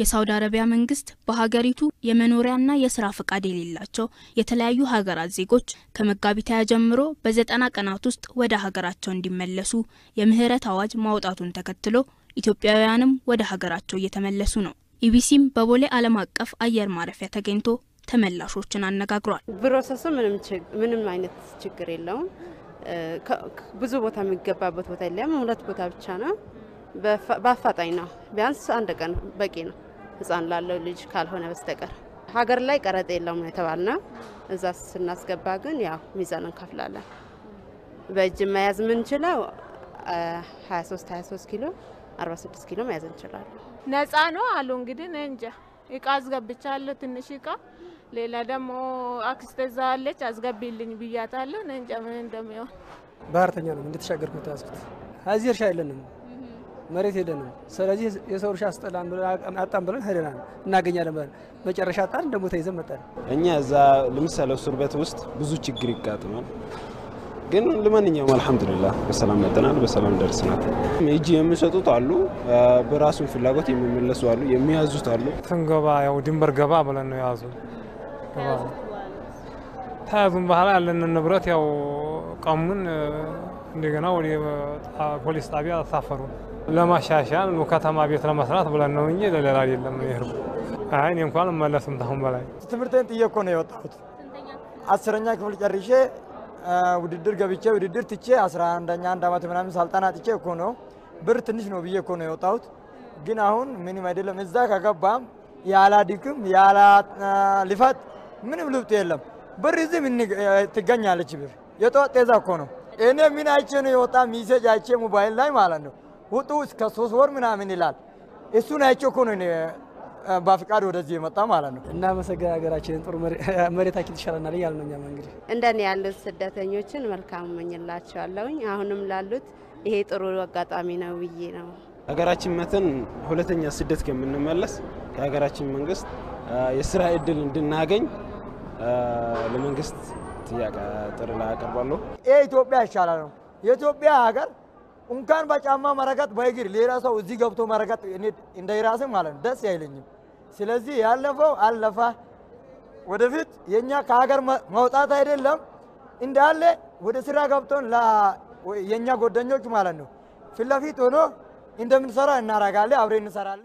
የሳውዲ አረቢያ መንግስት በሀገሪቱ የመኖሪያና የስራ ፈቃድ የሌላቸው የተለያዩ ሀገራት ዜጎች ከመጋቢት ሃያ ጀምሮ በዘጠና ቀናት ውስጥ ወደ ሀገራቸው እንዲመለሱ የምህረት አዋጅ ማውጣቱን ተከትሎ ኢትዮጵያውያንም ወደ ሀገራቸው እየተመለሱ ነው። ኢቢሲም በቦሌ ዓለም አቀፍ አየር ማረፊያ ተገኝቶ ተመላሾችን አነጋግሯል። ፕሮሰሱ ምንም አይነት ችግር የለውም። ብዙ ቦታ የሚገባበት ቦታ የለም። ሁለት ቦታ ብቻ ነው። በአፋጣኝ ነው። ቢያንስ አንድ ቀን በቂ ነው። ህፃን ላለው ልጅ ካልሆነ በስተቀር ሀገር ላይ ቀረጥ የለውም ነው የተባልነው። እዛ ስናስገባ ግን ያው ሚዛን እንከፍላለን። በእጅ መያዝ የምንችለው 23 23 ኪሎ 46 ኪሎ መያዝ እንችላለን። ነፃ ነው አሉ እንግዲህ እኔ እንጃ። እቃ አስገብቻለሁ ትንሽ እቃ፣ ሌላ ደግሞ አክስቴ እዛ አለች አስገቢልኝ ብያታለሁ። እኔ እንጃ ምን እንደሚሆን። ባህርተኛ ነው እንደተሻገርኩት ያዝኩት። እዚህ እርሻ የለንም መሬት የለንም። ስለዚህ የሰው እርሻ አስጠላን አጣን ብለን ሄደናል። እናገኛለን ብለን መጨረሻ አጣን፣ ደግሞ ተይዘን መጣን። እኛ እዛ ለምሳሌ እስር ቤት ውስጥ ብዙ ችግር ይጋጥማል። ግን ለማንኛውም አልሐምዱሊላህ በሰላም መጠናል፣ በሰላም ደርስናል። እጅ የሚሰጡት አሉ፣ በራሱን ፍላጎት የሚመለሱ አሉ፣ የሚያዙት አሉ። ትንገባ ያው ድንበር ገባ ብለን ነው የያዙ ተያዙን በኋላ ያለንን ንብረት ያው ቀሙን። እንደገና ወደ ፖሊስ ጣቢያ አሳፈሩን። ለማሻሻል ከተማ ቤት ለመስራት ብለን ነው እንጂ ለሌላ አይደለም። ይርቡ አይ እኔ እንኳን መለስም ታሁን በላይ ትምህርቴን ጥዬ እኮ ነው የወጣሁት። አስረኛ ክፍል ጨርሼ ውድድር ገብቼ ውድድር ትቼ አስራ አንደኛ አንድ አመት ምናምን ሳልጠና ጥቼ እኮ ነው ብር ትንሽ ነው ብዬ እኮ ነው የወጣሁት። ግን አሁን ምንም አይደለም። እዛ ከገባም ያላ ድክም ያላ ልፋት ምንም ልብጥ የለም። ብር እዚህ ትገኛለች። ብር የጠዋት ጤዛ እኮ ነው። እኔ ምን አይቼ ነው የወጣ ሚሴጅ አይቼ ሞባይል ላይ ማለት ነው ውጡ እስከ ሶስት ወር ምናምን ይላል። እሱን አይቼ እኮ ነው በፍቃድ ወደዚህ የመጣ ማለት ነው። እና መሰገን ሀገራችንን ጥሩ መሬታችን ትሻለናል እያል ነው። እኛም እንግዲህ እንደኔ ያሉት ስደተኞችን መልካም እመኝላቸዋለሁኝ። አሁንም ላሉት ይሄ ጥሩ አጋጣሚ ነው ብዬ ነው ሀገራችን መተን ሁለተኛ ስደት ከምንመለስ የሀገራችን መንግስት የስራ እድል እንድናገኝ ለመንግስት ጥያቄ ጥር ላይ አቀርባለሁ። ይሄ ኢትዮጵያ ይሻላል ነው የኢትዮጵያ ሀገር እንኳን በጫማ መረገጥ በእግር ሌላ ሰው እዚህ ገብቶ መረገጥ እንዳይራስ ማለት ነው። ደስ አይለኝም። ስለዚህ ያለፈው አለፈ። ወደፊት የኛ ከሀገር መውጣት አይደለም እንዳለ ወደ ስራ ገብቶን የእኛ ጎደኞች ማለት ነው ፊት ለፊት ሆኖ እንደምንሰራ እናረጋለን። አብሬ እንሰራለን።